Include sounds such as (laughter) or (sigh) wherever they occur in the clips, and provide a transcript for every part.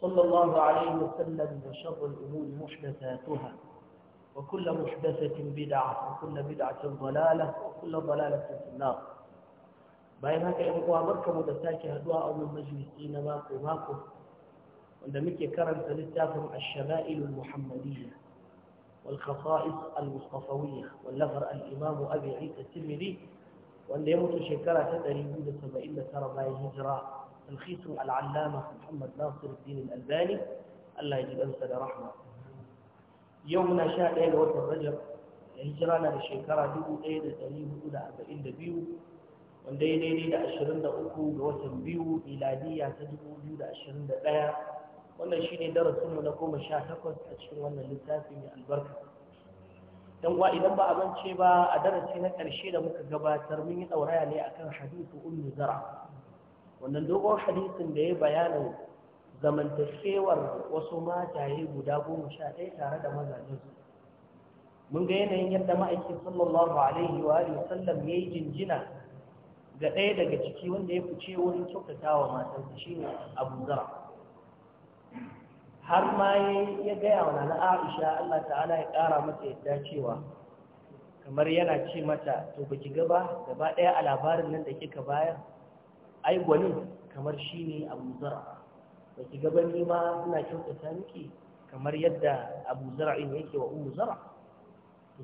صلى الله عليه وسلم وشر الأمور محدثاتها وكل محدثة بدعة وكل بدعة ضلالة وكل ضلالة في النار بينما كان هو مركب دساكي هدواء من مجلسين ماكو ماكو عندما كرم ثلاثاتهم الشمائل المحمدية والخصائص المصطفوية واللغر الإمام أبي عيسى التلمذي وأن يموت شكرا تدري يوجد سبعين ترى ما هجرة alkhisu al'allama Muhammad Nasiruddin al-Albani Allah ya ji ɗansa da rahma yau muna sha ɗaya ga watan Rajab da hijira na da shekara 1442 wanda ya daidai da 23 ga watan biyu miladiya ta 2021 wannan shine darasinmu na goma sha takwas a cikin wannan littafin mai albarka don idan ba abinci ba a darasi na ƙarshe da muka gabatar mun yi ɗauraya ne akan hadithu ummi zara wannan dogon hadisin da ya bayana zamantakewar wasu mataye guda goma sha ɗaya tare da mazajensu mun ga yanayin yadda ma'aiki sallallahu alaihi wa alihi sallam ya yi jinjina ga ɗaya daga ciki wanda ya fice wurin kyautata wa matarsa ne abu zara har ma ya gaya wa nana aisha allah ta'ala ya ƙara mata yadda cewa kamar yana ce mata to baki gaba gaba ɗaya a labarin nan da kika bayar ai gwanin kamar shi ne abu zara da ki gaban ma suna kyautata miki kamar yadda abu zara in yake wa umu zara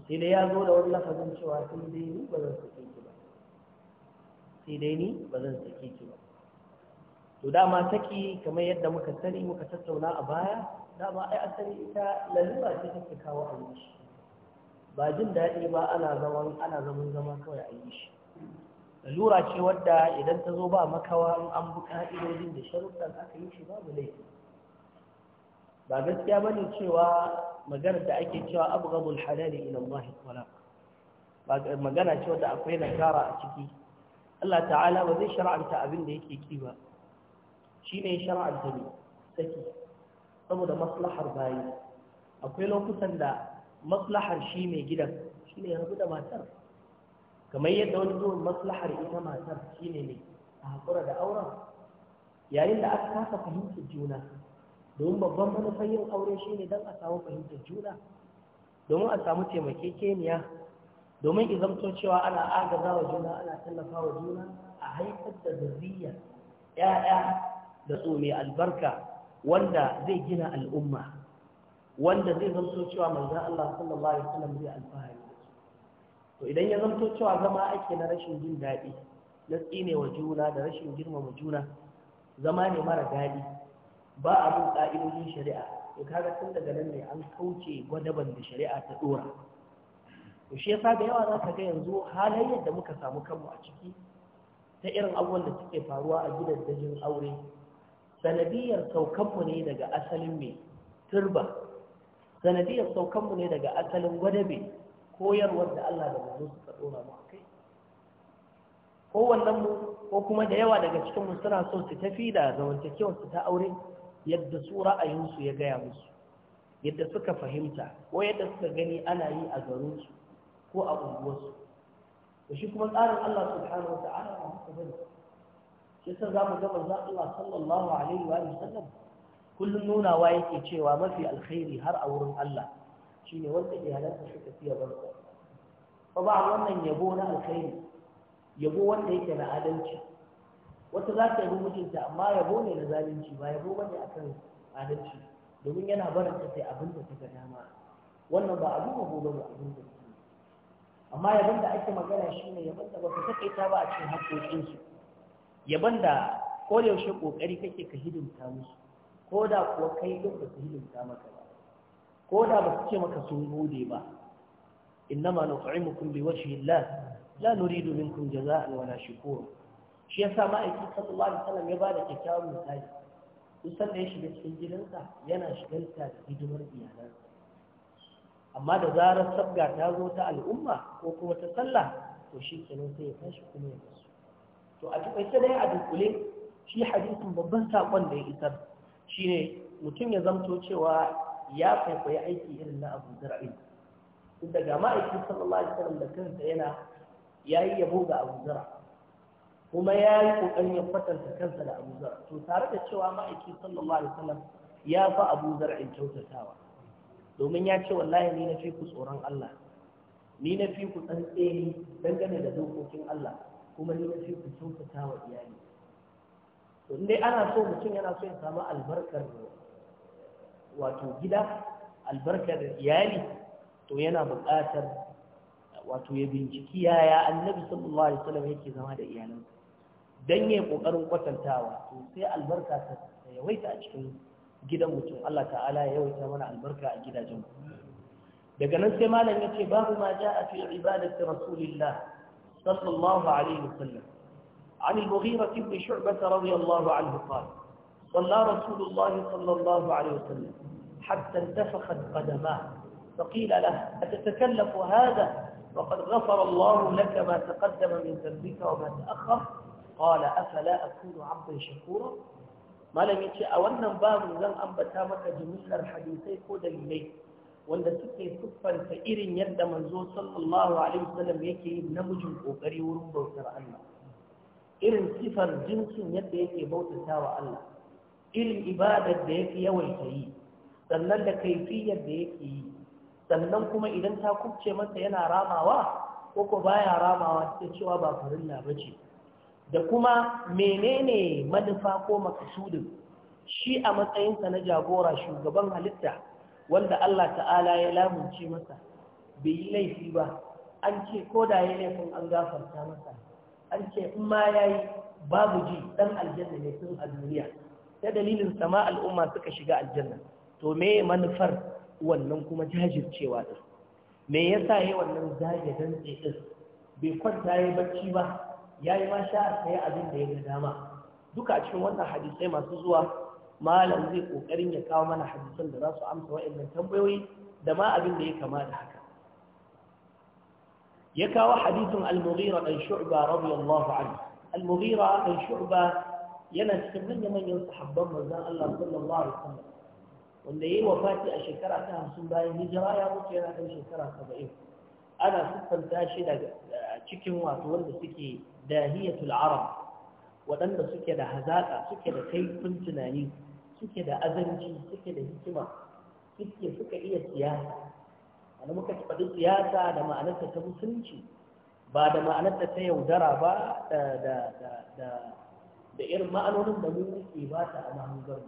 sai dai ya zo da wani lafazin cewa sai dai ni ba zan sake ki ba sai dai ni ba zan sake ki ba to dama saki kamar yadda muka sani muka tattauna a baya dama ai asali ita lalura ce take kawo a ba jin daɗi ba ana zaman ana zaman zama kawai a yi shi lura ce wadda idan ta zo ba makawa in an buka idojin da sharuɗan aka yi shi babu laifi ba gaskiya ba ne cewa maganar da ake cewa abu gabul halali ila Allah wala ba magana ce wadda akwai nakara a ciki Allah ta'ala ba zai shar'anta abin da yake ki ba Shi ne shar'anta ne saki saboda maslahar bayi akwai lokutan da maslahar shi mai gidan ne ya rabu da matar kamar yadda wani zuwan maslahar ita matar shi ne a haƙura da auren yayin da aka kasa fahimtar juna domin babban manufar yin aure shine don a samu fahimtar juna domin a samu taimakekeniya domin izamto cewa ana agaza wa juna ana tallafa wa juna a haifar da zurriya ya'ya da so mai albarka wanda zai gina al'umma wanda zai zamto cewa manzan Allah sallallahu alaihi wasallam zai alfahari to idan ya zamto cewa zama ake na rashin jin daɗi na wa juna da rashin girmama juna zama ne mara daɗi ba a bin ƙa'idojin shari'a to kaga tun daga nan ne an kauce gwadaban da shari'a ta ɗora to shi yasa da yawa za ka ga yanzu halayyar da muka samu kanmu a ciki ta irin abubuwan da suke faruwa a gidajen aure sanadiyar saukanmu ne daga asalin mai turba sanadiyar saukanmu ne daga asalin gwadabe koyarwar da Allah da manzo suka dora mu akai kowannen mu ko kuma da yawa daga cikin mu suna so su tafi da zamantakewar su ta aure yadda su ra'ayinsu ya gaya musu yadda suka fahimta ko yadda suka gani ana yi a garinsu ko a unguwarsu da shi kuma tsarin Allah subhanahu wata'ala a haka bane shi sa za mu ga manzo Allah sallallahu alaihi wa sallam kullum nunawa yake cewa mafi alkhairi har a wurin Allah ne wanda iyalansa suka fiye barka Ba ba wannan yabo na alkhairi yabo wanda yake na adalci wata za ta yabo mijinta amma yabo ne na zalunci ba yabo bane akan adalci domin yana barin ta sai abin da ta dama wannan ba abin yabo ba ne abin da amma yaban da ake magana shi ne, yaban da baka takaita ba a cikin haƙoƙinsu yaban da ko da yaushe kokari kake ka hidimta musu ko da kuwa kai duk ba ka hidimta maka ba ko da ba su ce maka sun gode ba innama nut'imukum liwajhi Allah la nuridu minkum jazaa'an wala shukura shi yasa ma'aiki sallallahu alaihi wasallam ya bada kyakkyawan misali duk da ya shiga cikin gidansa yana shigarta da hidimar iyalansa amma da zarar sabga ta zo ta al'umma ko kuma ta sallah to shi kenan sai ya tashi kuma ya tasu to a takaice dai a dunkule shi hadisin babban sakon da ya isar shine mutum ya zamto cewa ya kwaikwayi aiki irin na abu zar'in tun daga ma'aiki sallallahu alaihi wasallam da kansa yana ya yi yabo ga abu zara kuma ya yi ƙoƙarin ya kwatanta kansa da abu zara to tare da cewa ma'aikin sallallahu alaihi wasallam ya fa abu zara kyautatawa domin ya ce wallahi ni na fi ku tsoron Allah ni na fi ku tsere dangane da dokokin Allah kuma ni na fi ku kyautatawa iyali to dai ana so mutum yana so ya samu albarkar wato gida albarkar iyali to yana buƙatar wato ya binciki yaya annabi sallallahu alaihi wasallam yake zama da iyalan dan yayin kokarin kwatantawa to sai albarka ta yawaita a cikin gidan mutum Allah ta'ala ya yawaita mana albarka a gidajen daga nan sai malam yace babu ma jaa fi ibadati rasulillah sallallahu alaihi wasallam عن المغيرة بن شعبة رضي الله عنه قال صلى رسول الله صلى الله عليه وسلم حتى انتفخت قدماه فقيل له أتتكلف هذا وقد غفر الله لك ما تقدم من ذنبك وما تأخر قال أفلا أكون عبدا شكورا ما لم يتشاء وانا باب لم أنبتا مكا جميل الحديثي قد إليه وانا سكي سكفا فإير يد منزو صلى الله عليه وسلم يكي نمج القري ورمضة وترعنا إير صفا جنس يد يكي بوت ساوى الله irin ibadar da yake yawaita yi sannan da kaifiyar da yake yi sannan kuma idan ta kubce masa yana ramawa ko ko baya ramawa ta cewa ba farin ba ce da kuma menene manufa ko makasudin shi a matsayinsa na jagora shugaban halitta wanda Allah ta'ala ya lamunce masa bai yi laifi ba an ce ko da ya laifin an gafarta masa an ce in ma ya yi babu ji ɗan aljanna ne tun a duniya ta dalilin sama al'umma suka shiga aljanna to me manufar wannan kuma jajircewa din me yasa yayi wannan zage dan tsidin bai kwanta yayi barci ba yayi masha a sai abin da ya ga dama duka a cikin wannan hadisai masu zuwa malam zai kokarin ya kawo mana hadisan da za su amsa wa'annan tambayoyi da ma abin da ya kama da haka ya kawo hadisin al-mughira dan shu'ba radiyallahu anhu al-mughira shu'ba yana cikin manya-manyan sahabban manzan Allah sallallahu alaihi wasallam wanda wa wafati a shekara ta hamsin bayan hijira ya mutu yana ɗan shekara saba'in ana siffanta shi daga cikin wato wanda suke dahiyatul arab waɗanda suke da hazaƙa suke da kaifin tunani suke da azanci suke da hikima suke suka iya siyasa wani muka faɗi siyasa da ma'anarta ta mutunci, ba da ma'anarta ta yaudara ba da da irin ma'anonin da mu ke ba ta a mahangar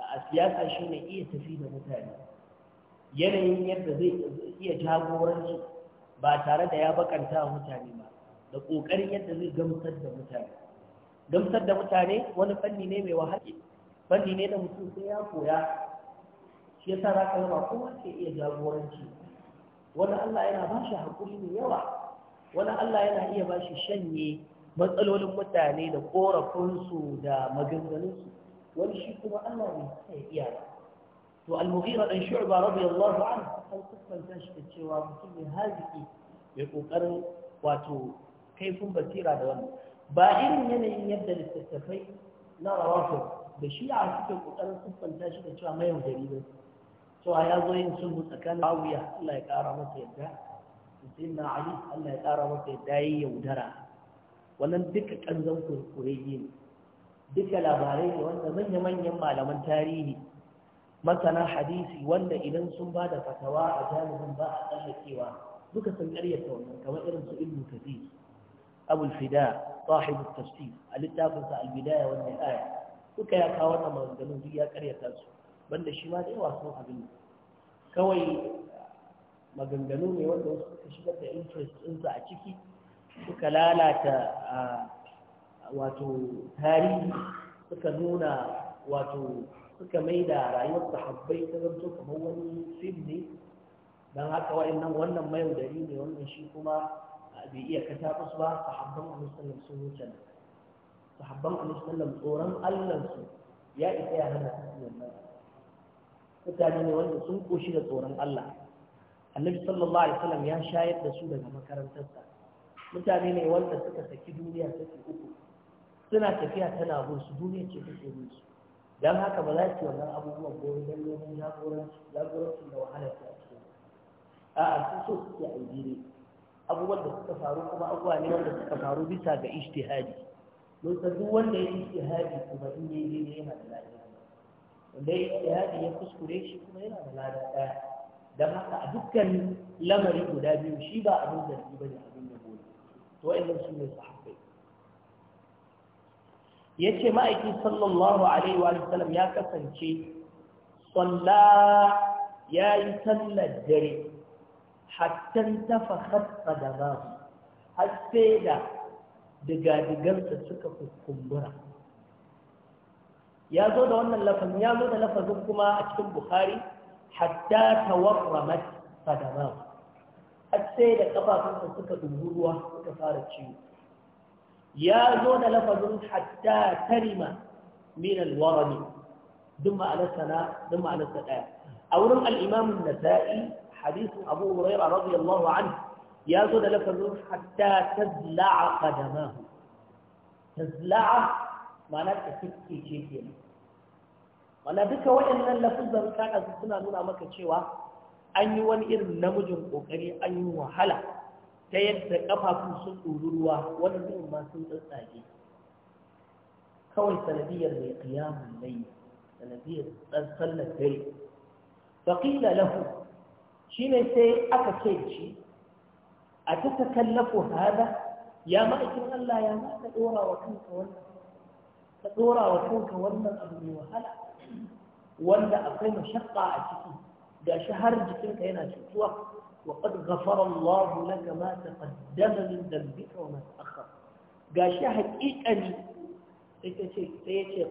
a siyasa shi ne iya tafi da mutane yanayin yadda zai iya jagoranci ba tare da ya bakanta mutane ba da ƙoƙarin yadda zai gamsar da mutane gamsar da mutane wani fanni ne mai wahalar fanni ne da mutum sai ya koya shi ya sa za ka zama kowa ke iya jagoranci wani Allah yana ba shi haƙuri mai yawa wani Allah yana iya ba shi shanye matsalolin mutane da korafinsu da maganganunsu wani shi kuma Allah ne yi iya to al-mughira dan shu'ba radiyallahu anhu an kusanta shi da cewa mutum ne haziki mai kokarin wato kaifin basira da wannan ba irin yanayin yadda littattafai na rawafin da shi a suke kokarin kusanta shi da cewa mayau yaudari ba cewa ya zo yin sulhu tsakanin awiya Allah ya kara masa yadda sayyidina ali Allah ya kara masa yadda yayi yaudara wannan duka kanzan kurkureji ne duka labarai ne wanda manya-manyan malaman tarihi masana hadisi wanda idan sun ba da fatawa a jami'in ba a tsallakewa duka sun ƙaryata wannan kamar irin su ibnu kathir abul fida sahibu tafsir a littafinsa al-bidaya wa nihaya duka ya kawo wannan maganganun duk ya ƙaryata su banda shi ma da yawa sun abin kawai maganganu ne wanda wasu suka shigar da interest ɗinsa a ciki suka lalata wato tarihi suka nuna wato suka mai da rayuwar sahabbai ta zanto kamar wani fim ne don haka wa'annan wannan mayaudari ne wannan shi kuma bai iya katakus ba sahabban alisallam sun wuce nan sahabban alisallam tsoron allansu ya isa ya hana su wannan mutane ne wanda sun koshi da tsoron allah annabi sallallahu alaihi wasallam ya shayar da su daga makarantarsa mutane ne wanda suka saki duniya take uku suna tafiya tana bin su duniya ce take bin su dan haka ba za su wannan abubuwan gobe dan neman jagoranci jagorancin da wahala ta ce a a su so suke a jire abubuwan da suka faru kuma abubuwa ne wanda suka faru bisa ga ijtihadi mun san duk wanda ya ijtihadi kuma in yayi daidai yana da lafiya wanda ya ijtihadi ya kuskure shi kuma yana da lada ɗaya. dan haka a dukkan lamari guda biyu shi ba abin zargi bane wa'annan su ne sahabbai ya ce ma'aiki sallallahu alaihi wa sallam ya kasance salla ya yi sallar dare hattan tafa hatsa da ba har sai da digadigansa suka kumbura ya zo da wannan lafazin ya zo da lafazin kuma a cikin bukhari hatta tawarramat sadama sai da kafafunsa suka dubu ruwa suka fara ciwo ya zo da lafazin hatta tarima min alwarami duk ma'anarsa na duk ma'anarsa daya a wurin al na an-nasa'i hadisin abu hurairah radiyallahu anhu ya zo da lafazin hatta tazla'a qadamahu tazla'a ma'ana ta kike ce kenan wala duka waɗannan lafazan kana suna nuna maka cewa an yi wani irin namijin kokari an yi wahala ta yadda kafafun sun ɗori ruwa wani irin ma sun tsatsage kawai sanadiyar mai kiyamun lai sanadiyar tsantsan na dare faƙila lahu shi ne sai aka ce shi a ta ta hada ya ma'aikin Allah ya ma ka ɗora wa kanka wannan ka ɗora wa kanka wannan abu mai wahala wanda akwai mashakka a ciki da shi har jikinka yana cutuwa wa qad ghafara Allahu laka ma taqaddama min dambika wa ma ta'akhkhar gashi haƙiƙani sai ta ce sai ya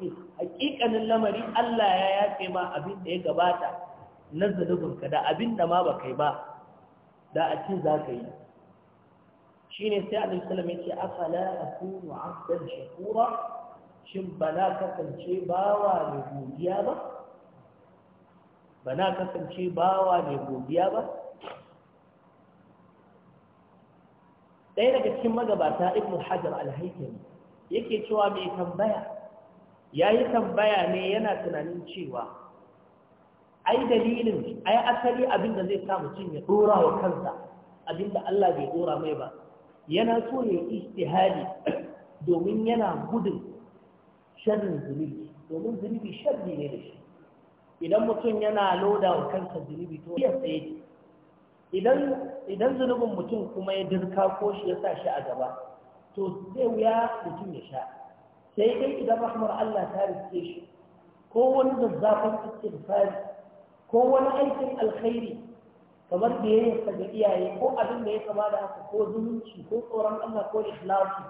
ce qad lamari Allah ya yafe ma abin da ya gabata na ka. da abin da ma ba kai ba da a ce za ka yi shine sai Annabi sallallahu alaihi wasallam ya ce afala akunu 'abdan shakura shin ba na kasance bawa mai godiya ba ba na kasance bawa ne godiya ba ɗaya daga cikin magabata ibn hajar alhaikami yake cewa mai tambaya ya yi tambaya ne yana tunanin cewa ai dalilin ai asali abin da zai sa mutum ya dora wa kansa abin da Allah bai dora mai ba yana so ya yi istihali domin yana gudun shan zunubi domin zunubi sharri ne da shi idan mutum yana loda wa kansa zunubi to ya tsaye idan idan zunubin mutum kuma ya dirka ko shi ya sa shi a gaba to zai wuya mutum ya sha sai dai idan rahmar Allah ta rike shi ko wani zazzafin fari, ko wani aikin alkhairi kamar da ya yi ga iyaye ko abin da ya kama da haka ko zumunci ko tsoron Allah ko ikhlasi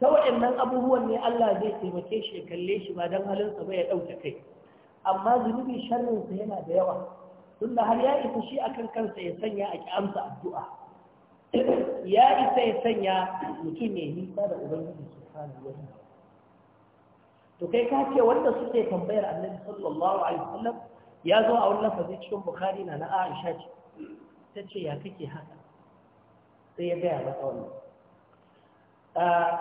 ta waɗannan abubuwan ne Allah zai taimake shi ya kalle shi ba don halinsa ba ya ɗauke kai amma zunubi sharrinsa yana da yawa tun da har ya isa shi akan kansa ya sanya a amsa addu'a (clears throat) ya isa ya sanya mutum ya nisa da ubangiji subhanahu wa ta'ala to kai ka ce wanda suke tambayar annabi sallallahu alaihi wasallam ya zo a wannan fadi cikin bukhari na na aisha ce ta ce ya kake haka sai ya gaya mata wannan ah,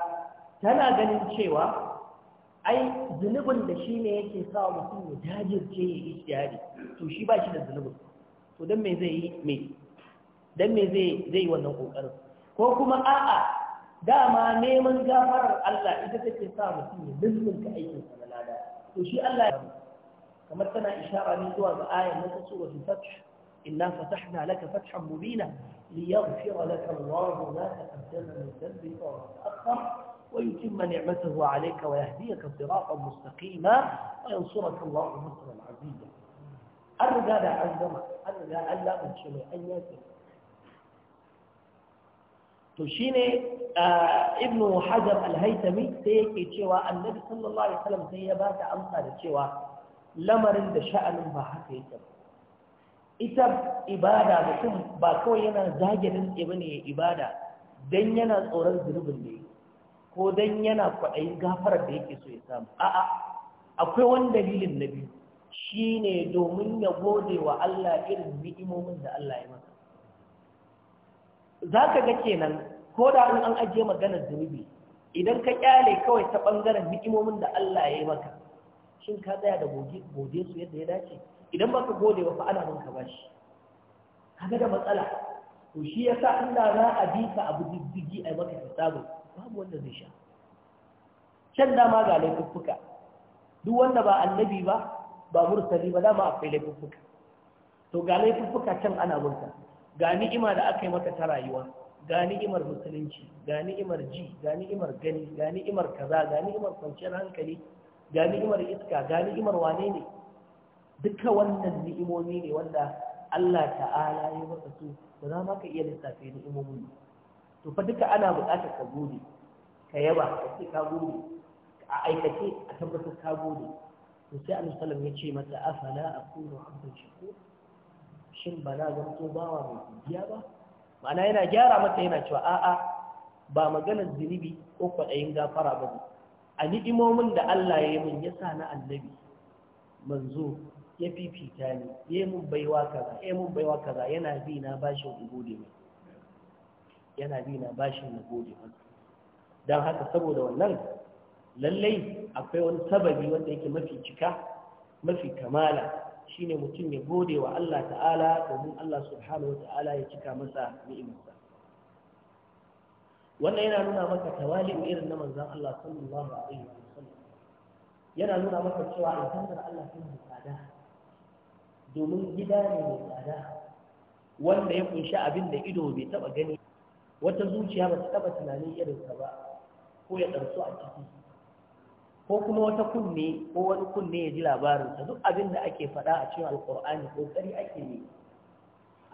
tana ganin cewa ai zunubin da shi ne yake sa mutum ya jajirce ya yi shiyari to shi ba shi da zunubin to don me zai yi me don me zai zai yi wannan kokarin ko kuma a'a dama neman gafarar Allah ita take sa mutum ya lizminta aikin sa na lada to shi Allah ya kamar tana ishara ne zuwa ga ayan na ta suratul fath inna fatahna laka fathan mubina liyaghfira laka Allahu ma taqaddama min dhanbika wa ta'akhkhara ويتم نعمته عليك ويهديك صراطا مستقيما وينصرك الله نصرا عزيزا الرجاء لا عزم الرجاء ألا من شمع أن ياسر تشيني آه ابن حجر الهيثمي سيكي تشوى النبي صلى الله عليه وسلم سيبات أمثال تشوى لمرن da sha'anin ba haka yake ba ita ibada mutum ba kawai yana zagirin ba ne ibada don yana tsoron zunubin ne ko dan yana kwaɗayin gafarar da yake so ya samu a'a akwai wani dalilin na biyu Shi ne domin ya gode wa Allah irin ni'imomin da Allah ya masa ka ga kenan ko da an ajiye maganar zunubi idan ka kyale kawai ta ɓangaren ni'imomin da Allah ya yi maka shin ka tsaya da gode su yadda ya dace idan baka gode wa fa ana mun ka bashi kaga da matsala to shi ya sa inda za a bi ka abu diddigi a maka hisabin babu wanda zai sha can dama ga laifuffuka duk wanda ba annabi ba ba mursali ba dama akwai laifuffuka to ga laifuffuka can ana murta ga ni'ima da aka yi maka ta rayuwa ga ni'imar musulunci ga ni'imar ji ga ni'imar gani ga ni'imar kaza ga ni'imar kwanciyar hankali ga ni'imar iska ga ni'imar wane ne duka wannan ni'imomi ne wanda Allah ta'ala ya baka su ba za ma ka iya lissafe ni imomin to fa duka ana buƙatar ka gode ka yaba ka ce ka gode a aikace a tabbatar ka gode to sai annabi sallallahu ya ce mata afala aqulu abdan shakur shin ba na zanto bawa mai godiya ba ma'ana yana gyara mata yana cewa a'a ba maganar zunubi ko kwaɗayin gafara ba ne a ni'imomin da Allah ya yi min ya sa na annabi manzo ya fifita ni ya mun baiwa kaza ya mun baiwa kaza yana bi na bashin gode mai yana bi na bashin na gode mai don haka saboda wannan lallai akwai wani sababi wanda yake mafi cika mafi kamala shine mutum ya gode wa Allah ta'ala domin Allah subhanahu wa ta'ala ya cika masa ni'imarsa wannan yana nuna maka tawali'u irin na manzon Allah sallallahu alaihi wasallam yana nuna maka cewa alhamdulillah Allah sun tsada domin gida ne mai tsada wanda ya kunshi abin da ido bai taba gani wata zuciya ba ta taba tunanin irinsa ba ko ya ɗarsu a ciki ko kuma wata kunne ko wani kunne ya ji labarinsa duk abin da ake faɗa a cikin alƙur'ani ƙoƙari ake ne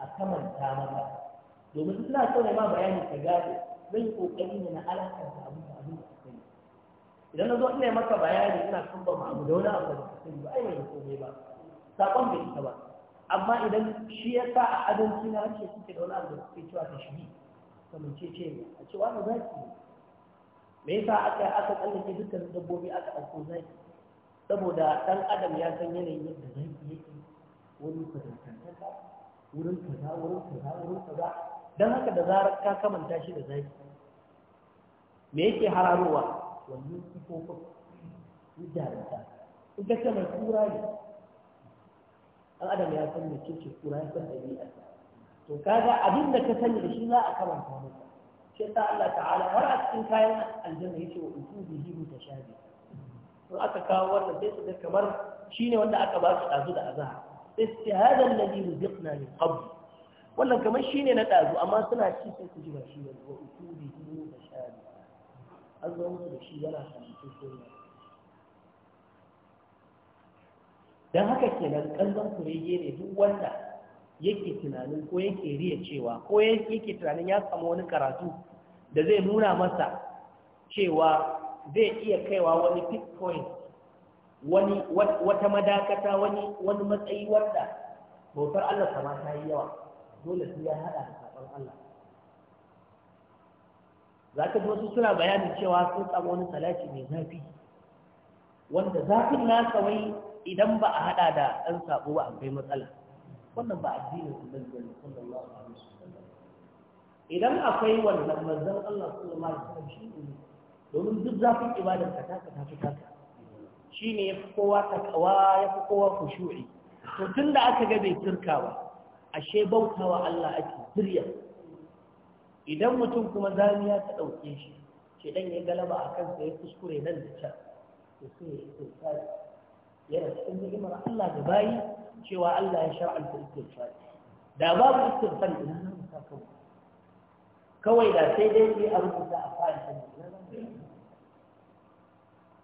a kamanta maka domin suna so ne ma bayani ta gado zai yi ƙoƙari ne na alaƙar da abin da abin da ka idan na zo ina maka bayani ina kamba ma abu da wani abu da ka sani ba ai mai komai ba saƙon bai ita ba amma idan shi ya sa a adon na rashin suke da wani abu da suke cewa ta shi kamar ce ce a cewa na zaki me yasa aka aka tsallake dukkan dabbobi aka ɗauko zaki saboda ɗan adam ya san yanayin yadda zaki yake wani kazantantaka wurin kaza wurin kaza wurin kaza don haka da zarar ka kamanta shi da zaki me yake hararowa wannan sifofin jarumta in ka ce mai ne Ɗan adam ya san mai cece kura ya san ɗabi'a to kaga abin da ka sani da shi za a karanta maka shi sa Allah ta'ala har a cikin kayan aljanna yace wa utu bihi mutashabi to aka kawo wannan sai su ga kamar shine wanda aka ba su dazu da azhar istihada alladhi ruziqna min qabl wannan kamar shine na dazu amma suna ci sai su ji ba shi wa utu bihi mutashabi an zo musu da shi yana sanin sosai don haka kenan kallon kurege ne duk wanda yake tunanin ko yake riya cewa ko yake tunanin ya samu wani karatu da zai nuna masa cewa zai iya kaiwa wani bitcoin wani wata madakata wani wani matsayi wanda bautar Allah sama ta yi yawa dole sai ya hada da sabon Allah zaka ji wasu suna bayanin cewa sun samu wani salati mai zafi wanda zafin na kawai idan ba a hada da ɗan sabo ba akwai matsala wannan ba addinin su bane da sallallahu alaihi su idan akwai wannan manzon Allah sallallahu alaihi wasallam shi ne domin duk zafin ibadar ka ta ta fi taka ya fi kowa takawa fi kowa khushu'i to da aka ga bai turka ba ashe bautawa Allah ake sirya idan mutum kuma zamiya ta ɗauke shi ɗan ya galaba a kansa ya kuskure nan da can to sai ya tsaya yana cikin ni'imar Allah da bayi cewa Allah ya shar'anta istighfar da babu istighfar ina nan ka kawo kawai da sai dai sai a rubuta a fara sanin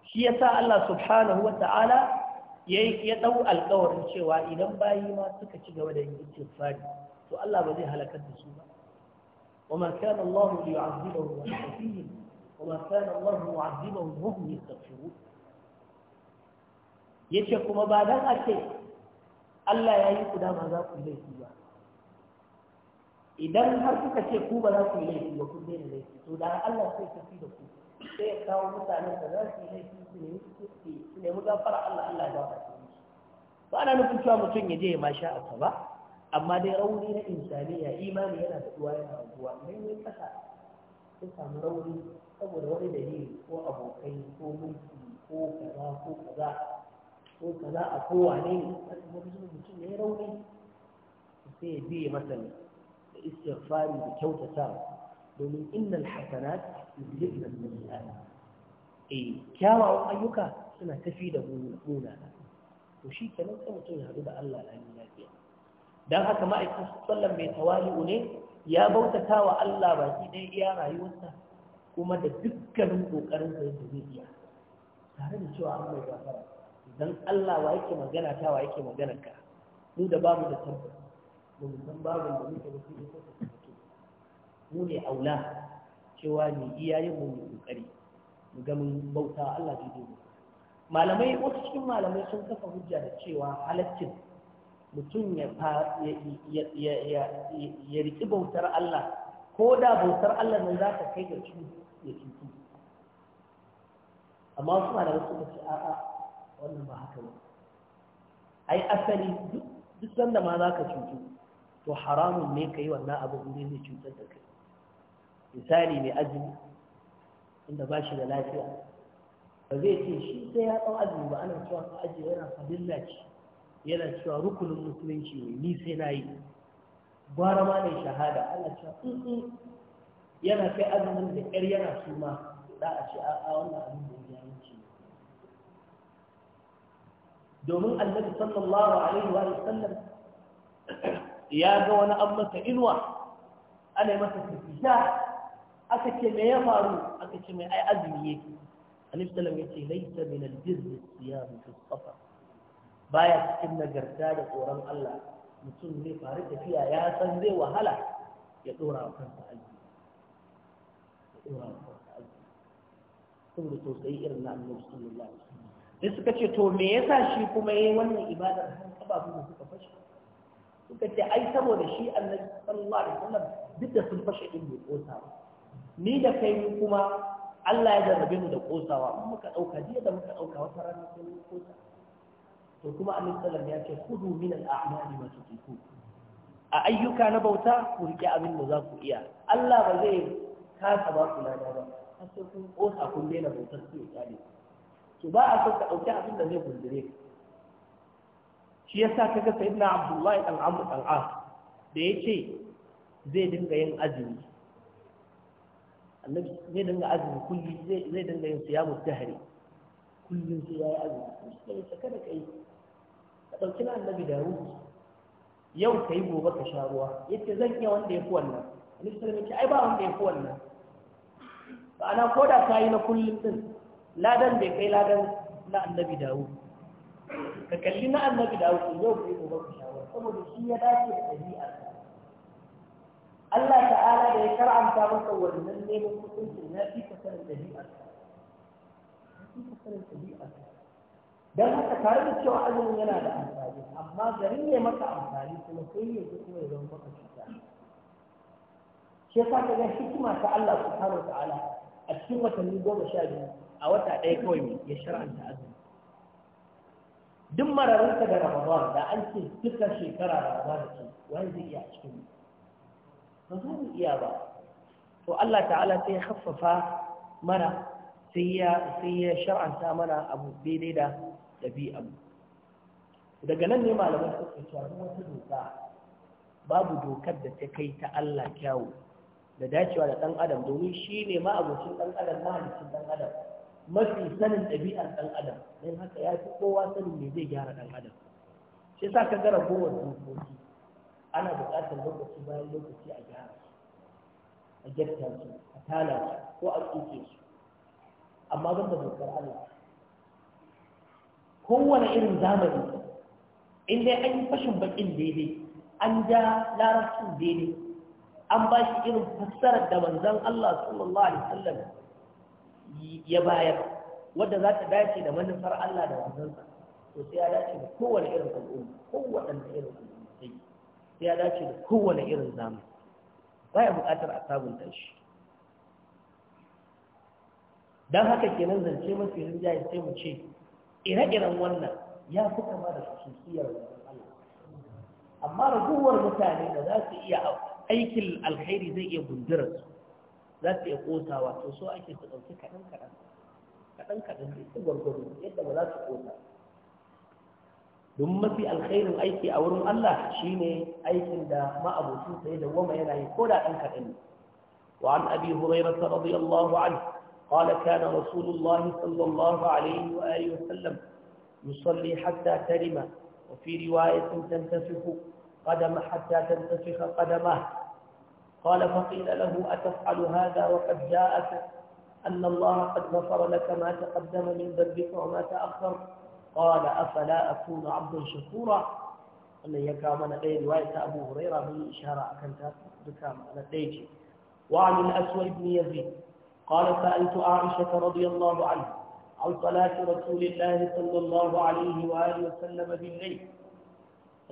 shi yasa Allah subhanahu wata'ala yayi ya dau alƙawarin cewa idan bayi ma suka ci gaba da yin istighfar to Allah ba zai halakar da su ba وما كان الله ليعذبهم وهم فيه وما كان الله معذبهم وهم يستغفرون yace kuma ba dan a ce Allah ya yi ku dama za ku laifi ba idan har kuka ce ku ba za ku yi laifi ba kun daina laifi to da Allah sai fi da ku sai ya kawo mutanen da za su yi laifi su nemi su nemi gafara Allah Allah ya ba su ba ana nufin cewa mutum ya je ya masha a ba amma dai rauni na insaniya imani yana da yana abuwa idan ya kasa sai samu rauni saboda wani dalili ko abokai ko mulki ko kaza ko kaza ko kaza a kowa ne ne mutum ya yi rauni sai ya biye masa ne da istighfari da kyautata domin innal hasanat yuzhibna as-sayyi'at eh kyawawan ayyuka suna tafi da muna to shi kenan sai mutum ya haɗu da Allah lani lafiya dan haka ma'aikin sallan mai tawali'u ne ya bautata wa Allah baki ɗaya iya rayuwarsa kuma da dukkanin ƙoƙarinsa yadda zai iya tare da cewa an mai gafara dan Allah wa yake magana ta wa yake magana ka mu da babu da tabbas mu san babu da muke da shi ko mu ne aula cewa ni iyayen mu mu kokari mu ga mun bauta Allah ji dole malamai wasu cikin malamai sun kafa hujja da cewa halaccin mutum ya ya riki bautar Allah ko da bautar Allah nan za ta kai ga ya cutu amma su malamai suka ce a'a wannan ba haka ne ai asali duk sanda ma za ka cutu to haramun ne ka yi wannan abu inda zai cutar da kai misali mai azumi inda ba shi da lafiya ba zai ce shi sai ya ɗau azumi ba ana cewa ka ajiye yana fadilla ce yana cewa rukunin musulunci ne ni sai na yi gwara ma ne shahada ana cewa yana kai azumin da ƙyar yana suma za a ce a wannan abin da domin annabi sallallahu alaihi wa sallam ya ga wani amma masa inuwa ana masa tafiya aka ce me ya faru aka ce mai ai azumi yake annabi sallallahu ya ce laisa min albirri siyam fi safar baya cikin nagarta da tsoron Allah mutum zai faru tafiya ya san zai wahala ya dora wa kansa azumi ya dora wa kansa saboda tausayi irin na annabi sallallahu alaihi sai suka ce to me yasa shi kuma yayi wannan ibadar har ababu da suka fashe suka ce ai saboda shi Allah sallallahu alaihi wasallam duk da sun fashe din bai kosa ba ni da kai mu kuma Allah ya zarrabe mu da kosawa in muka dauka jiya da muka dauka wata rana sai mu kosa to kuma annabi sallallahu ya ce kudu min al-a'mali ma tuqiku a ayyuka na bauta ku riƙe abin da za ku iya Allah ba zai kasa ba ku lada ba har sai kun kosa kun daina bautar su ya kyale ku to ba a son ka ɗauki abin da zai gundure ka shi sa kaga sayyidina abdullahi na Abdullahi dan as da ya ce zai dinga yin azumi annabi zai dinga azumi kulli zai dinga yin siyamu dahri kullum sai yi azumi sai ka kada kai ka ɗauki na annabi da ruhu yau yi gobe ka sha ruwa yace zan iya wanda fi wannan annabi sallallahu alaihi wasallam ai ba wanda wannan ba ana koda yi na kullum din ladan bai kai ladan na annabi dawo ka kalli na annabi dawo ko yau ku yi gobe ku shawara saboda shi ya dace da ɗabi'a Allah ta'ala da ya karanta maka wannan neman hukuncin na fi ka sanin ɗabi'a don haka tare da cewa azumin yana da amfani amma garin ne maka amfani kuma sai ne kuma ya zama maka cuta shi yasa ka ga hikima ta Allah subhanahu wa ta'ala a cikin watanni goma sha biyu a wata ɗaya kawai mai ya shar'anta azumi duk mararinsa da ramadan da an ce duka shekara ramadan ce wani zai iya cikin ba za mu iya ba to Allah ta'ala sai ya haffafa mana sai ya shar'anta mana abu daidai da dabi'a daga nan ne malamai suka ce duk wata doka babu dokar da ta kai ta Allah kyawu da dacewa da ɗan adam domin shi ne ma'abucin ɗan adam mahalicin ɗan adam mafi sanin ɗabi'ar ɗan adam don haka ya fi kowa sanin me zai gyara ɗan adam shi sa ka gara gowar dokoki ana buƙatar lokaci bayan lokaci a gyara su a gyarta su a tala su ko a tsuke su amma zan da dokar Allah kowane irin zamani in dai an yi fashin bakin daidai an ja larabcin daidai an ba shi irin fassarar da manzon Allah sallallahu alaihi wasallam ya bayar wadda za ta dace da manufar Allah da wanzansa to sai ya dace da kowane irin al'umma kowane irin al'umma sai ya dace da kowane irin zamani baya buƙatar a sabunta shi don haka kenan zance mafi rinjaye sai mu ce ire-iren wannan ya fi kama da kusurciyar Allah amma raguwar mutane da za su iya aikin alkhairi zai iya su za su iya kota to so ake su ɗauki kaɗan kaɗan kaɗan kaɗan da ita gwargwaro yadda ba za su kota. don mafi alkhairin aiki a wurin Allah shine aikin da ma'abocin sai da goma yana yi ko da ɗan kaɗan ne وعن أبي هريرة رضي الله عنه قال كان رسول الله صلى الله عليه وآله وسلم يصلي حتى ترم وفي رواية تنتفخ قدم حتى تنتفخ قدمه قال فقيل له أتفعل هذا وقد جاءك أن الله قد غفر لك ما تقدم من ذنبك وما تأخر قال أفلا أكون عبدا شكورا أن يكام أنا رواية أبو هريرة من إشارة بكام على تيجي وعن الأسود بن يزيد قال سألت عائشة رضي الله عنها عن صلاة رسول الله صلى الله عليه وآله وسلم بالليل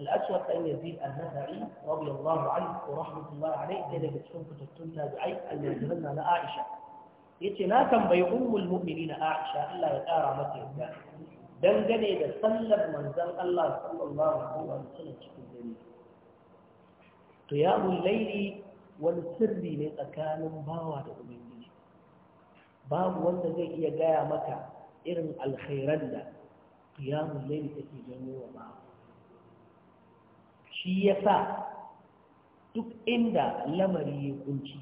الأسود أن يزيد النسعي رضي الله عنه ورحمة الله عليه إذا بتكون كتبتم تابعي الذي لنا لعائشة يتنا كان بيقوم المؤمنين عائشة ألا يقارى متى يبدأ dangane da sallar manzan Allah sallallahu Alaihi wasallam cikin dare. To ya laili wani sirri ne tsakanin bawa da Ubangiji. Babu wanda zai iya gaya maka irin alkhairan da ya laili take janyo shi ya sa duk inda lamari ya kunci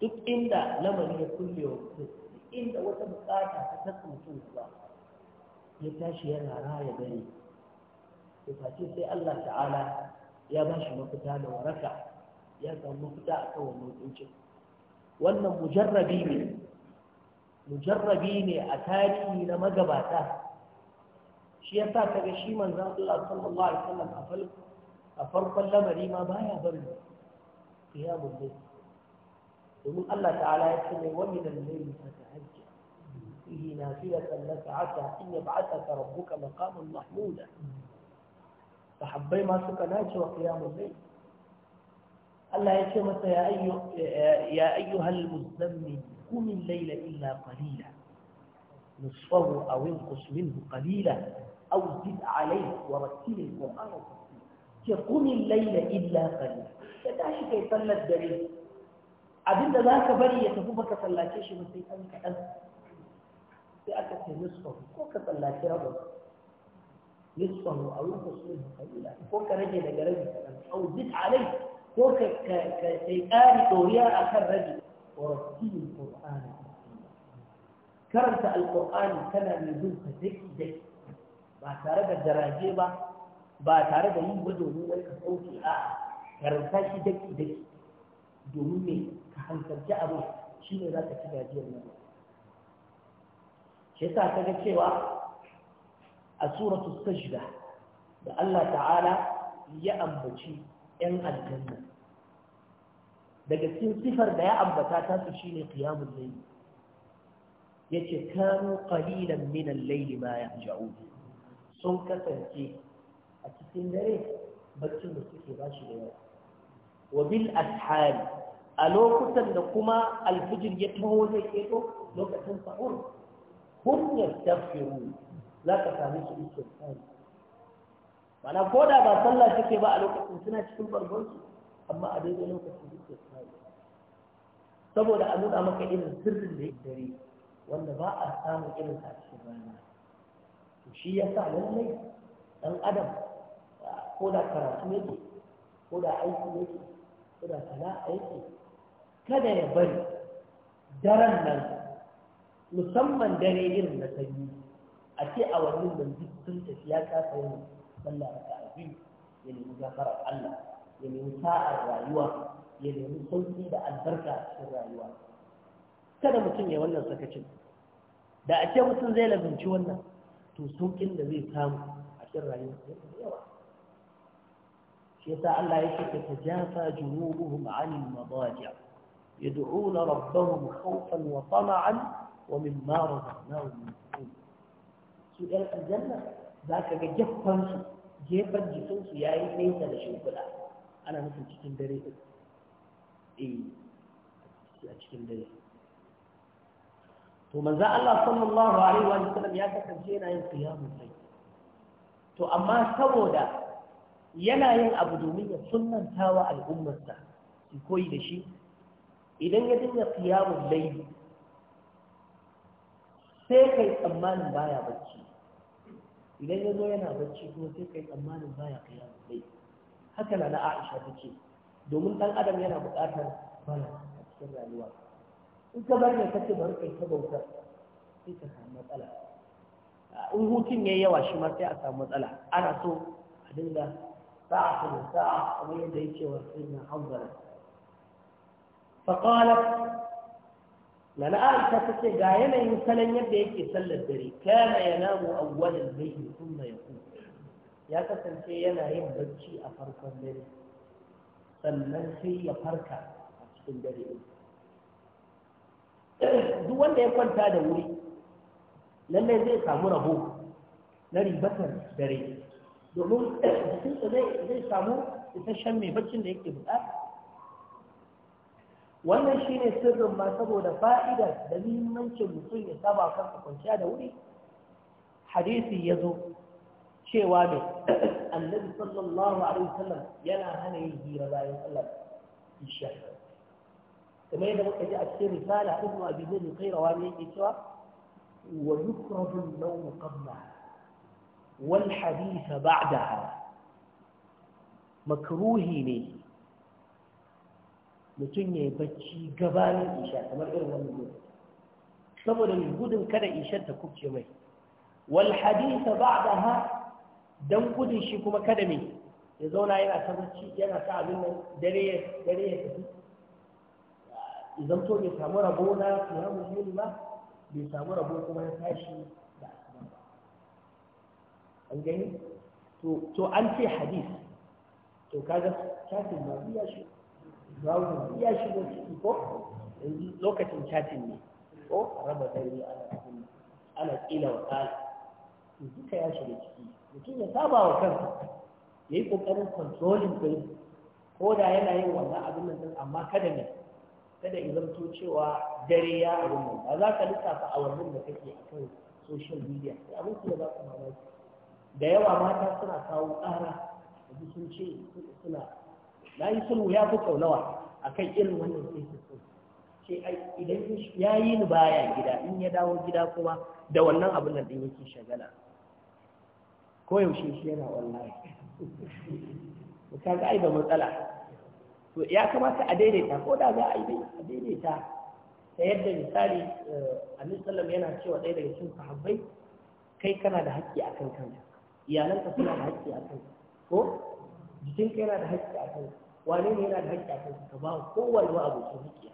duk inda lamari ya kulle wa duk inda wata bukata ta tattu mutum ba ya tashi yana raya gani to face sai Allah ta'ala ya ba shi mafita da waraka ya zama mafita a kan wannan kuncin wannan mujarrabi ne mujarrabi ne a tarihi na magabata shi ya sa kaga shi manzan Allah sallallahu alaihi wasallam a falko a farkon lamari ma baya bari qiyamul layl domin Allah ta'ala ya ce mai wani da layl ta tahajja fihi nafilatan laka ata in yab'athaka rabbuka maqaman mahmuda sahabbai ma suka nace wa qiyamul layl Allah ya ce masa ya ayyuhal muzammin قم الليل إلا قليلا نصفه أو انقص منه قليلا أو زد عليه ورتل القرآن ke kumin laila illa tsari ka tashi kai sallar dare abinda za ka bari ya tafi baka sallace shi ba sai an kaɗan sai aka ce nisfahu ko ka sallace rabin nisfahu a wuka su ne kalila ko ka rage daga rabi kaɗan au zid alai ko ka kai ƙari ɗoriya a kan rabi wa rasulun qur'ani karanta alqur'ani kana mai bin sa daki daki ba tare da daraje ba ba tare da yi ba domin wai ka sauke a karanta shi daki daki domin me ka hankalci abu shi ne za ka ci gajiyar nan shi yasa ta ga cewa a suratul sajda da Allah ta'ala ya ambaci 'yan aljanna daga cikin sifar da ya ambata ta su shi ne shine qiyamul layl yace kanu qalilan minan al-layli ma yahja'un sun kasance a cikin dare baccin da suke ba shi da yawa wa bil ashal a lokutan da kuma alfijir ya taho zai keto lokacin sa'ur hum tafiru za ka sami su tsari mana ko da ba sallah suke ba a lokacin suna cikin bargonsu amma a daidai lokacin tsari saboda a nuna maka irin sirrin da ya dare wanda ba a samun irin a cikin rana to shi ya sa lallai ɗan adam ko da karatu yake ko da aiki yake ko da sana'a yake kada ya bari daren nan musamman dare irin na sanyi a ce a wannan nan duk sun tafi ya kasa yin sallah da ta'abi ya nemi gafarar Allah ya nemi sa'ar rayuwa ya nemi sauki da albarka a cikin rayuwa kada mutum ya wannan sakacin da a ce mutum zai labinci wannan to sauƙin da zai samu a cikin rayuwa da yawa شتاء الله تتجافى جنوبهم عن المضاجع يدعون ربهم خوفا وطمعا ومما رضناهم منهم سؤال الجنة ذاك جفا جفا جفا يا إيه ليس لشوك الآن أنا مثل جفن دري إيه جفن دري تو من الله صلى الله عليه وسلم يا تكفينا يا قيام الليل تو أما سوداء yana yin abu domin ya sunanta wa al'ummarsa su koyi da shi idan ya dinga kiyamun laili sai kai tsammanin baya bacci idan ya zo yana bacci kuma sai kai tsammanin baya kiyamun laili haka na Aisha ta ce domin ɗan adam yana buƙatar bana a cikin rayuwa in ka bar ne ka ce bari kai ta bautar sai ka samu matsala in hutun ya yawa shi ma sai a samu matsala ana so a dinga ساعة من ساعة ومن ديك وسيدنا حنظلة فقالت لنا عائشة تكي قايمة يمكن أن يبدأ يكي سلة الدري كان ينام أول الليل ثم يقوم ya kasance yana yin bacci a farkon dare sannan sai ya farka a cikin dare duk wanda ya kwanta da wuri lallai zai samu rabo na ribatar dare domin jikinsa zai samu isasshen mai baccin da yake buƙata wannan shi ne sirrin ma saboda fa'ida da muhimmancin mutum ya saba kansa kwanciya da wuri hadisi ya zo cewa ne (clears throat) annabi sallallahu alaihi wasallam yana hana yin hira bayan sallar isha kamar yadda muka ji a cikin risala ibnu abi zaid kai rawa ne yake cewa wa yukrahu an-nawm qabla wal haditha ba'daha makruhi ne mutum ya yi bacci gabanin isha kamar irin wannan lokaci saboda mai gudun kada ishar ta kubce mai wal haditha ha don gudun shi kuma kada mai ya zauna yana ta yana ta abin nan dare ya tafi idan to ya samu rabo na kiyamu ba bai samu rabo kuma ya tashi an gani to an ce hadis to kaga chatin ba biya shi ba ya shi ko ciki ko lokacin chatin ne ko raba dare ana cikin ala kila wa kala to duka ya da ciki mutum ya saba wa kansa ya yi kokarin controlling kai ko da yana yin wannan abin nan amma kada ne kada in zanto cewa dare ya abin nan ba za ka lissafa awannin da kake akan social media sai abin da za ka mamaki da yawa mata suna kawo ƙara da sun ce suna na yi sulhu ya fi kaunawa nawa a kan irin wannan sai su ce idan ya yi ni baya gida in ya dawo gida kuma da wannan abin nan ɗin yake shagala ko yaushe shi yana wallahi ka ai da matsala to ya kamata a daidaita ko da za a yi a daidaita ta yadda misali eh, annabi sallam yana cewa ɗaya daga cikin sahabbai kai kana da haƙƙi akan kanka iyalanka suna da haƙƙi a kanka ko jikinka yana da haƙƙi a kanka wane ne yana da haƙƙi a kanka ka ba kowane ma abokin haƙƙi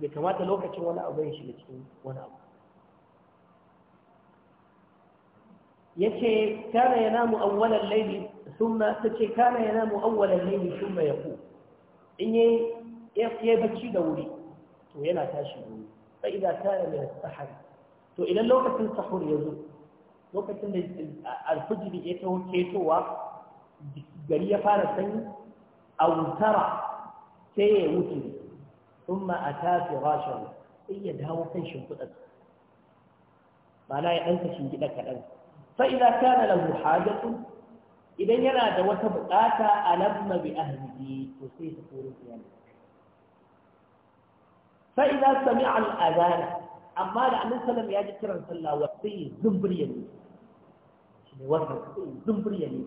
bai kamata lokacin wani abu ya shiga cikin wani abu Ya yace kana yanamu awwalal layli thumma tace kana yanamu awwalal layli ya yaqu in yayi yayi bacci da wuri to yana tashi da wuri fa idza kana min as to idan lokacin sahur ya zo. lokacin da alfijiri ya taho ketowa gari ya fara sanyi a wutara sai ya wuce sun ma'ata firashin sai ya dawo kan shimfiɗa na ya ɗanka shimfiɗa kaɗan Sai fa'ila na lahu hajjatu idan yana da wata buƙata alamma bi ahlihi to sai ta kori iyali fa'ila sami al'azana amma da annabi sallallahu ya ji kiran sallah wa sai zubriyan wata zumburiya ne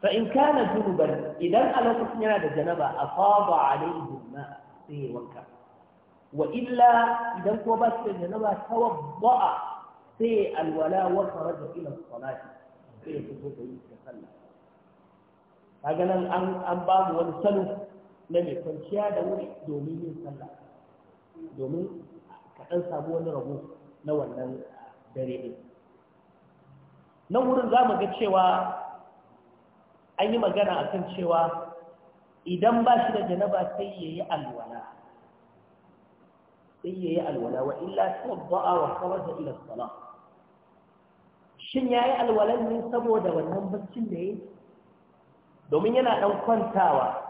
fa in kana junuban idan a lokacin yana da janaba a faba alaihi ma sai ya wanka wa illa idan ko ba su da janaba tawadda'a sai alwala wa faraja ila salati sai ya fito da yi ta sallah kaga nan an an ba mu wani salo na mai kwanciya da wuri domin yin sallah domin ka dan samu wani rabo na wannan dare din nan wurin za mu ga cewa an yi magana a kan cewa idan ba shi da janaba sai ya yi alwala sai ya yi alwala wa illa tabba'a wa kawarta ila sala shin ya yi alwalan ne saboda wannan baccin da ya yi domin yana ɗan kwantawa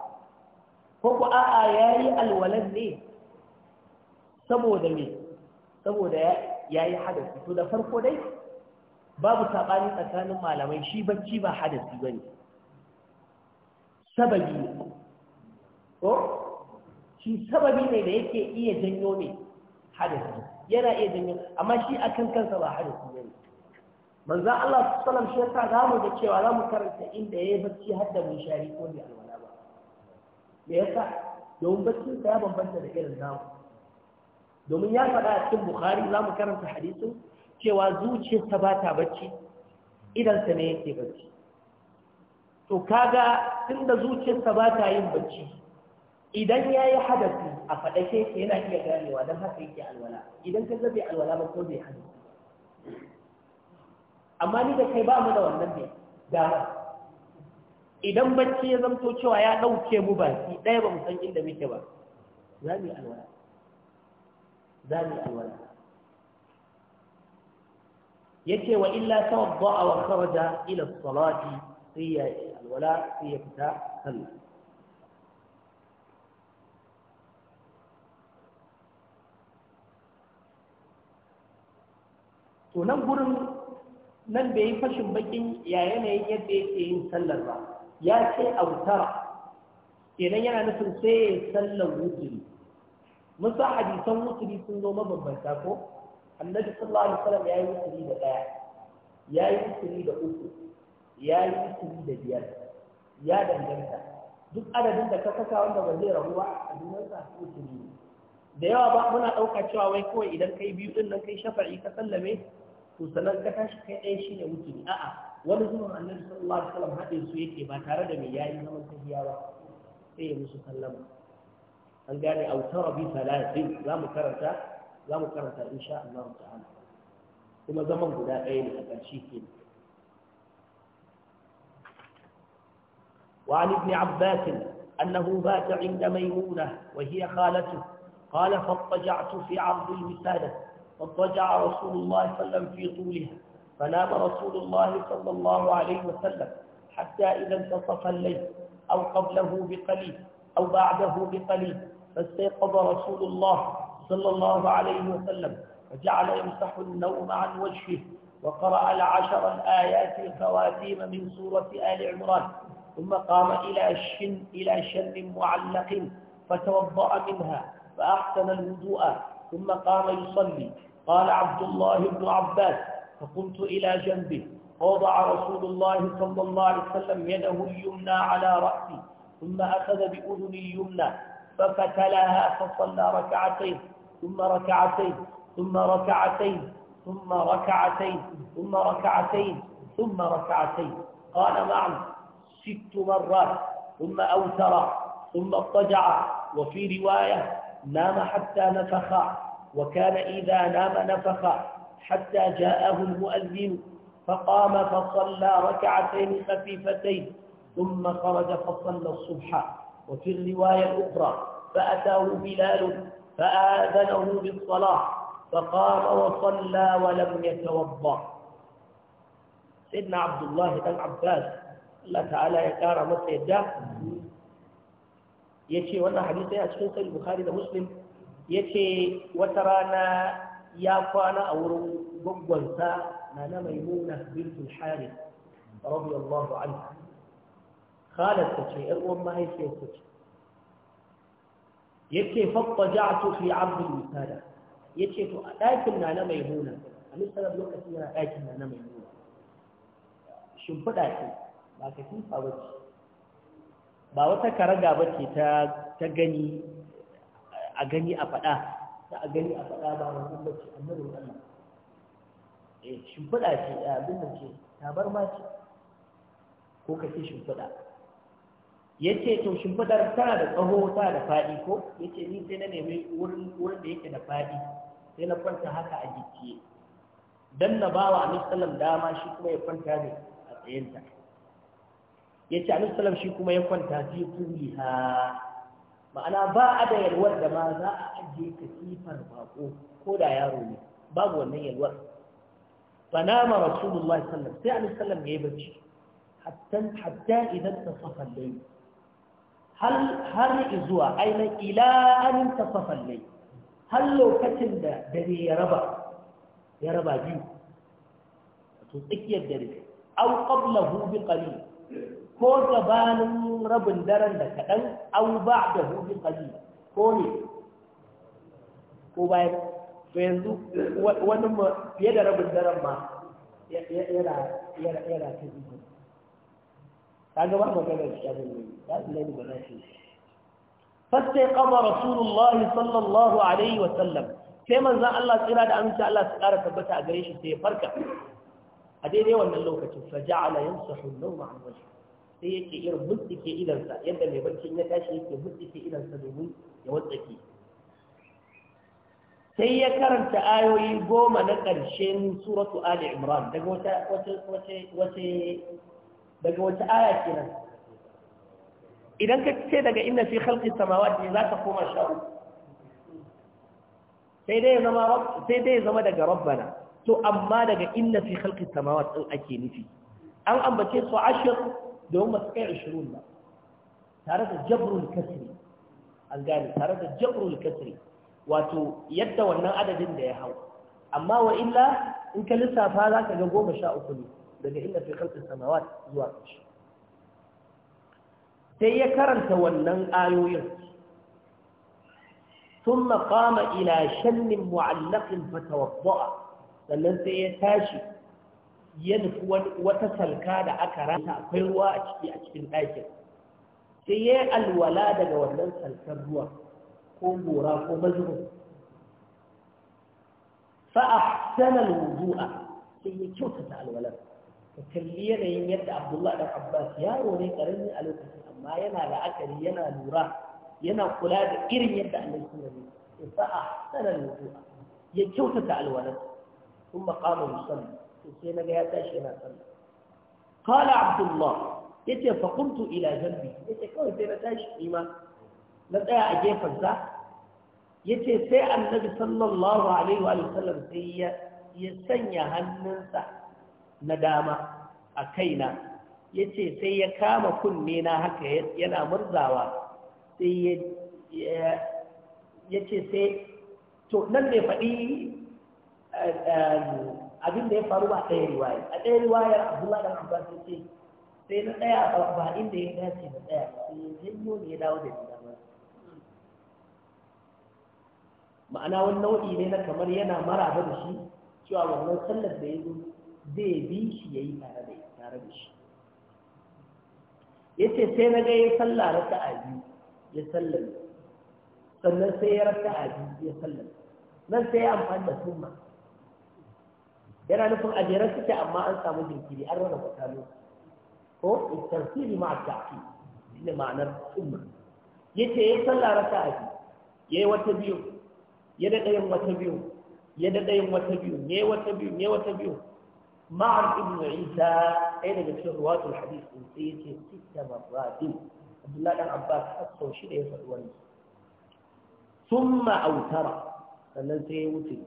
ko ku a'a ya yi alwalan ne saboda me saboda ya yi hadasi to da farko dai babu saɓani tsakanin malamai shi bacci ba hadasi ba ne sababi ko shi sababi ne da yake iya janyo ne hadasi yana iya janyo amma shi akan kansa ba hadasi ba ne manzo Allah sallallahu alaihi wasallam shi ya mu da cewa za mu karanta inda yayi bacci har da shari ko da alwala ba me yasa domin baccin sa ya bambanta da irin namu domin ya faɗa a cikin Bukhari za mu karanta hadisin cewa zuciyarsa ba ta bacci idansa ne yake bacci to kaga tunda zuciyarsa ba ta yin bacci idan ya yi hadafi a faɗashe shi yana iya ganewa don haka yake alwala idan ka zabe alwala ba ko bai hadafi amma ni da kai ba mu da wannan ne dama idan bacci ya zamto cewa ya ɗauke mu ba, ki ɗaya ba mu san inda muke ba za mu yi alwala za mu yi alwala yace wa illa tawadda'a wa kharaja ila salati sai ya alwala sai ya fita sallah to nan gurin nan bai yi fashin bakin ya yanayin yadda yake yin sallar ba ya ce autara kenan yana nufin sai ya sallar wuturi musa hadisan wuturi sun zo mabambanta ko annabi sallallahu alaihi wasallam yayi wuturi da daya yayi wuturi da uku yayi wuturi da biyar ya danganta duk adadin da ka kasa wanda ba zai rabuwa a duniyarsa wuturi ne da yawa ba muna ɗauka cewa wai kawai idan kai biyu din nan kai shafa'i ka sallame to sanan ka tashi kai ɗaya shine mutumi. a'a wani zuwan annabi sallallahu alaihi wasallam haɗin su yake ba tare da mai yayi zaman tafiya ba sai ya musu sallama an gane autara bi salatin za mu karanta za mu karanta insha Allah ta'ala kuma zaman guda ɗaya ne a ƙarshe ke وعن ابن عباس أنه بات عند ميمونة وهي خالته قال فاضطجعت في عرض الوسادة فاضطجع رسول الله صلى الله عليه وسلم في طولها فنام رسول الله صلى الله عليه وسلم حتى إذا انتصف الليل أو قبله بقليل أو بعده بقليل فاستيقظ رسول الله صلى الله عليه وسلم وجعل يمسح النوم عن وجهه وقرأ العشر الآيات الخواتيم من سورة آل عمران ثم قام إلى شن, إلى شن معلق فتوضأ منها فأحسن الوضوء ثم قام يصلي قال عبد الله بن عباس فقمت إلى جنبه ووضع رسول الله صلى الله عليه وسلم يده اليمنى على رأسي ثم أخذ بأذني اليمنى ففتلها فصلى ركعتين ثم ركعتين ثم ركعتين ثم ركعتين ثم ركعتين ثم ركعتين قال معنى نعم، ست مرات ثم أوثر ثم اضطجع وفي رواية نام حتى نفخ وكان إذا نام نفخ حتى جاءه المؤذن فقام فصلى ركعتين خفيفتين ثم خرج فصلى الصبح وفي الرواية الأخرى فأتاه بلال فآذنه بالصلاة فقام وصلى ولم يتوضأ سيدنا عبد الله بن عباس الله تعالى يكار مسجد يتي وانا حديثي أسفل خير البخاري ده مسلم يتي وترانا يا يافانا أورو بقوان ما أنا ميمونة بنت الحارث رضي الله عنها خالد تشي ارقم هي سيد yace a fi 'abd al-musada yace to a dakin na na mai huna a misalar lokacin yana dakin na na mai huna. Shin shimfida ce ba ka fi ba ce ba wata karaga ba ce ta ta gani a gani a faɗa ta a gani a faɗa ba wannan ba ce annabin Allah eh shimfida ce eh, abin nan ce bar ce ko ka ce shimfida ya ce shin fadar tana da tsaho ta da faɗi ko ya ce ni sai na nemi wurin da yake da faɗi sai na kwanta haka a gicciye Dan na ba wa sallam dama shi kuma ya kwanta ne a tsayinta ya ce sallam shi kuma ya kwanta fi kuli ma'ana ba a da yalwar da ma za a ajiye sifar bako ko da yaro ne babu wannan yalwar fanama rasulullahi wasallam sai sallam ya yi bacci hatta idan ta safa laifin har zuwa ainihin ila an tafafan lai har lokacin da dare ya raba ya raba biyu to tsakiyar dare au qablahu bi qalil ko gabanin rabin daren da kadan au da bi qalil ko ne ko bayan to yanzu wani fiye da rabin daren ma yana ta yana kaga ba magana shi abin ne ba su lani ba za su fasai kama rasulullahi sallallahu alaihi wa sallam sai manzan Allah tsira da aminci Allah su ƙara tabbata a gare shi sai ya farka a daidai wannan lokacin fa ja'ala yamsahu an-nawma an wajhi sai yake irin mutsike sa yadda mai barci ya tashi yake mutsike sa domin ya watsake sai ya karanta ayoyi goma na ƙarshen suratu ali imran daga wata daga wata aya kenan idan ka ce daga inna fi khalqis samawati za ta koma sha sai dai zama sai dai zama daga rabbana to amma daga inna fi khalqis samawati din ake nufi an ambace su ashir domin masu kai 20 ba tare da jabrul kasri an gane tare da jabrul kasri wato yadda wannan adadin da ya hau amma wa illa in ka lissafa za ka ga goma sha uku ne daga inda fi khalqis samawat zuwa ƙarshe sai ya karanta wannan ayoyin ثم قام إلى شن معلق فتوضأ sannan sai ya tashi ya nufi wata salka da aka rata akwai ruwa a ciki a cikin ɗakin sai ya yi alwala daga wannan salkar ruwa ko gora ko mazuru fa'a sanar wuzu'a sai ya kyautata alwalar ka kalli yanayin yadda abdullah dan abbas yaro ne karami a lokacin amma yana la'akari yana lura yana kula da irin yadda annabi sallallahu alaihi wasallam ya sa'a sanar wudu'a ya kyautata alwalar ثم قام يصلي sai naga ya tashi yana sallah qala abdullah yace fa qumtu ila janbi yace kawai sai na tashi nima na tsaya a gefen sa yace sai annabi sallallahu alaihi wa sallam sai ya sanya hannunsa na dama a kaina ya ce sai ya kama kunne na haka yana murzawa sai ya ce sai to nan ne faɗi eh, eh, abin da ya faru ba ɗaya riwaya a ɗaya riwayar abdullahi da abbas sai ce sai na a ba inda ya dace na ɗaya. sai ya janyo ne ya dawo da ya ma'ana wani nau'i ne na kamar yana mara da shi cewa wannan sallar da ya zo zai bi shi ya yi tare da shi ya ce sai na ga ya salla raka a ya sallar. sannan sai ya raka a ya sallar. nan sai ya amfani da tumma yana nufin a suke amma an samu jinkiri an rana kwatano ko tartiri ma a tafi shi ne ma'anar tumma ya ce ya salla raka a ya yi wata biyu ya daɗa yin wata biyu ya daɗa yin wata biyu ya yi wata biyu ya yi wata biyu ma'an ibn isa ɗaya daga cikin ruwatul hadis sai yace sita marratin abdullahi dan abbas har sau shida ya faɗi wannan summa autara sannan sai ya wuce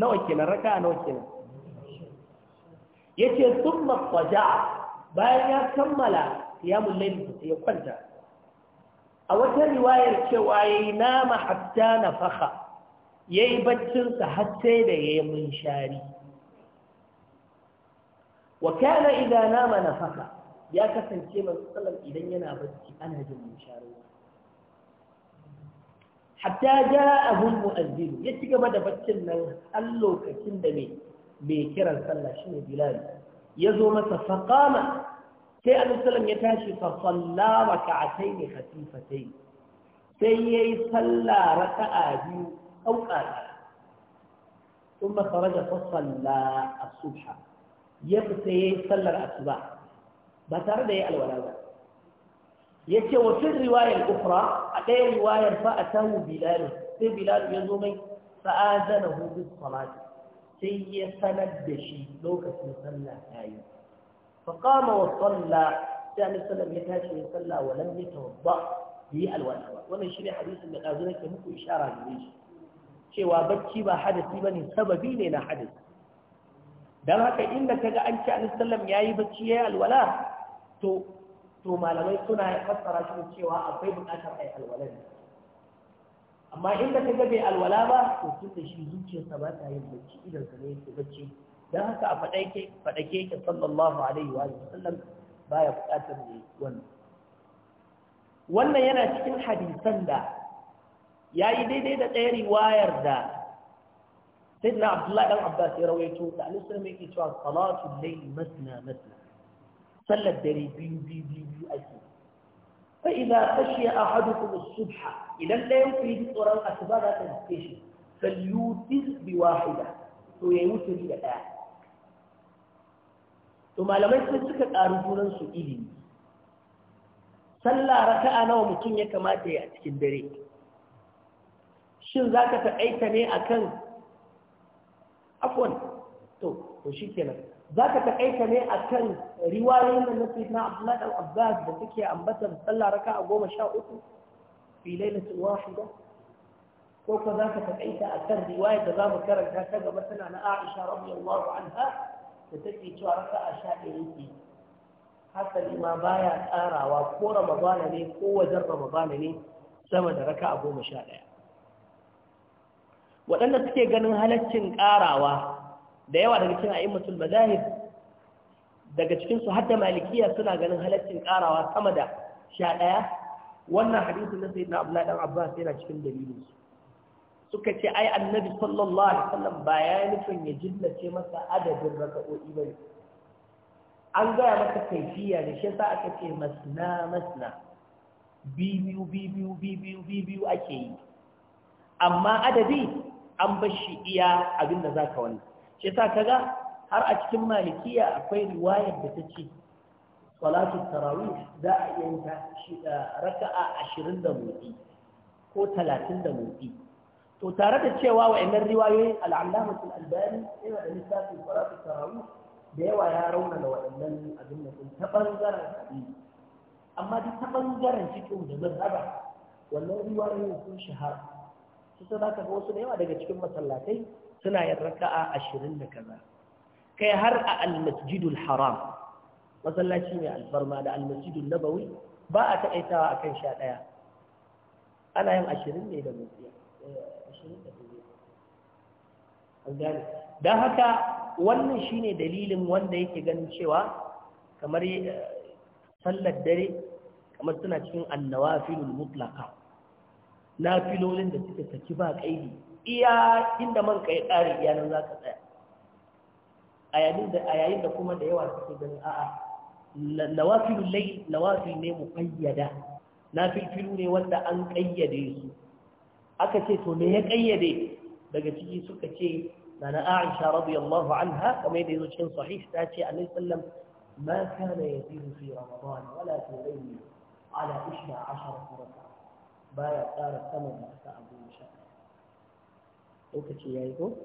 nawa kenan raka nawa kenan yace summa faja bayan ya kammala qiyamul layl sai ya kwanta a wata riwayar cewa yayi nama hatta nafakha yayi baccin har sai da yayi munshari wa kana idza nama nafaka ya kasance manzo sallallahu idan yana bacci ana jin musharu hatta ja'ahu al-mu'azzin ya ci gaba da baccin nan har lokacin da mai mai kiran sallah shine bilal ya zo masa faqama sai annabi sallallahu ya tashi fa salla rak'atayn khafifatayn sai yayi sallah raka'a biyu auqata ثم خرج فصلى الصبح ya fita ya yi sallar asuba ba tare da ya alwala ba ya ce wa fin riwayar ukra a ɗaya riwayar fa a samu bilalu sai bilalu ya zo mai fa'azana hudu salati sai ya sanar da shi lokacin sallah ta yi faƙama wa sallah sai annabi ya tashi ya sallah wa wabba da bi alwala ba wannan shine hadisin da ɗazu nake muku ishara da shi cewa bacci ba hadasi bane sababi ne na hadasi don haka inda ka ga an ci a ya yi bacci ya yi alwala to to malamai suna fassara shi cewa akwai buƙatar a yi alwalar amma inda ka ga bai alwala ba to tun da shi zuciyarsa ba ta yin bacci idan sa ne yake bacci don haka a faɗake faɗake ke sallallahu alaihi wa sallam baya buƙatar ne wannan wannan yana cikin hadisan da ya yi daidai da ɗaya riwayar da sayyidina abdullahi dan abbas ya rawaito da annabi sallallahu alaihi wasallam yake cewa salatul layl masna sallar dare biyu biyu biyu ake fa idza khashiya ahadukum as-subha idan dayan ku yi tsoron asuba za ta shi falyutir bi wahida to yayi wuturi da daya to malamai sun suka ƙaru ilimi sallah raka'a nawa mutum ya kamata ya a cikin dare shin za ka ne akan? afwan to to zaka takaita ne akan riwayoyin nan na sayyidina da suke ambatar sallah raka'a 13 fi lailatin wahida ko ka taƙaita takaita akan riwaya da zamu karanta ta gaba tana na Aisha radiyallahu anha da take cewa raka'a ɗaya yake hasali ma baya tsarawa ko Ramadana ne ko wajen Ramadana ne sama da raka'a ɗaya. waɗanda suke ganin halaccin ƙarawa da yawa daga cikin a'immatul mazahib daga cikin su hadda malikiya suna ganin halaccin ƙarawa sama da sha ɗaya wannan hadisin na sayyidina abdullahi dan abbas yana cikin dalilin suka ce ai annabi sallallahu alaihi wasallam ba ya nufin ya jillace masa adadin raka'o'i ba. an gaya maka kaifiya da shi yasa aka ce masna masna biyu biyu biyu biyu biyu ake yi amma adadi an bar shi iya abin da za ka wani shi sa kaga har a cikin malikiya akwai riwayar da ta ce salatu tarawih za a iya yin raka'a ashirin da motsi ko talatin da motsi to tare da cewa wa'annan riwayoyin al'allamatul albani yana da lissafin salatu tarawih da yawa ya rauna da waɗannan abin da sun ta ɓangaren hadisi amma duk ta ɓangaren cikin da zan raba wannan riwayoyin sun shahara sai za ka ga wasu da yawa daga cikin masallatai suna yin raka'a ashirin da kaza kai har a almasjidul haram masallaci mai alfarma da almasjidul nabawi ba a taƙaitawa kan sha ɗaya ana yin ashirin ne da mutiya eh, da don haka wannan shine dalilin wanda yake ganin cewa kamar eh, sallar dare kamar suna cikin Annawa filin mutlaka nafilolin da suka saki ba kaidi iya inda man kai tsari iyanan za ka tsaya a yayin da kuma da yawa suke ganin a'a nawafilul layl nawafil ne Na filfilu ne wanda an kayyade su aka ce to ne ya kayyade daga ciki suka ce nana Aisha radiyallahu anha kamar yadda yazo cikin sahih ta ce annabi sallam ma kana ya fi ramadan wala tughayyi ala 12 rak'a baya tsara sama da raka'a goma sha lokaci ya yi ko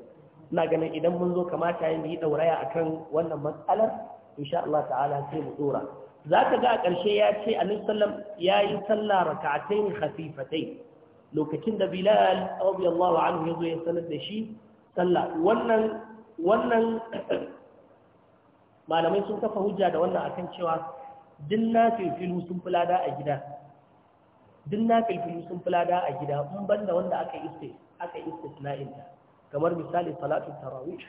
ina ganin idan mun zo kamata yin yi ɗauraya a kan wannan matsalar insha Allah ta'ala sai mu tsora. za ka ga a ƙarshe ya ce a sallam ya yi sallah raka'atain khafifatai lokacin da bilal radiyallahu anhu ya zo ya sanar da shi sallah wannan wannan malamai sun kafa hujja da wannan akan cewa din na filfilu sun fi lada a gida duk na filfil sun fulada a gida in banda wanda aka iste aka istisna'inta kamar misali salatu tarawih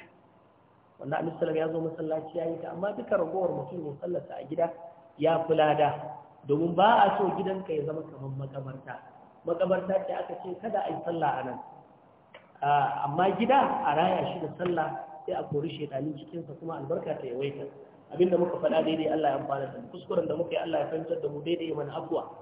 wannan annabi sallallahu ya zo masallaci yayi ta amma duka ragowar mutum ya sallata a gida ya fulada domin ba a so gidanka ya zama kamar makabarta makabarta ce aka ce kada a yi sallah a nan amma gida a raya shi da sallah sai a kori shaitanin cikinsa kuma albarka ta yawaita abinda muka faɗa daidai Allah ya amfana da mu kuskuren da muka yi Allah ya fahimtar da mu daidai mana afwa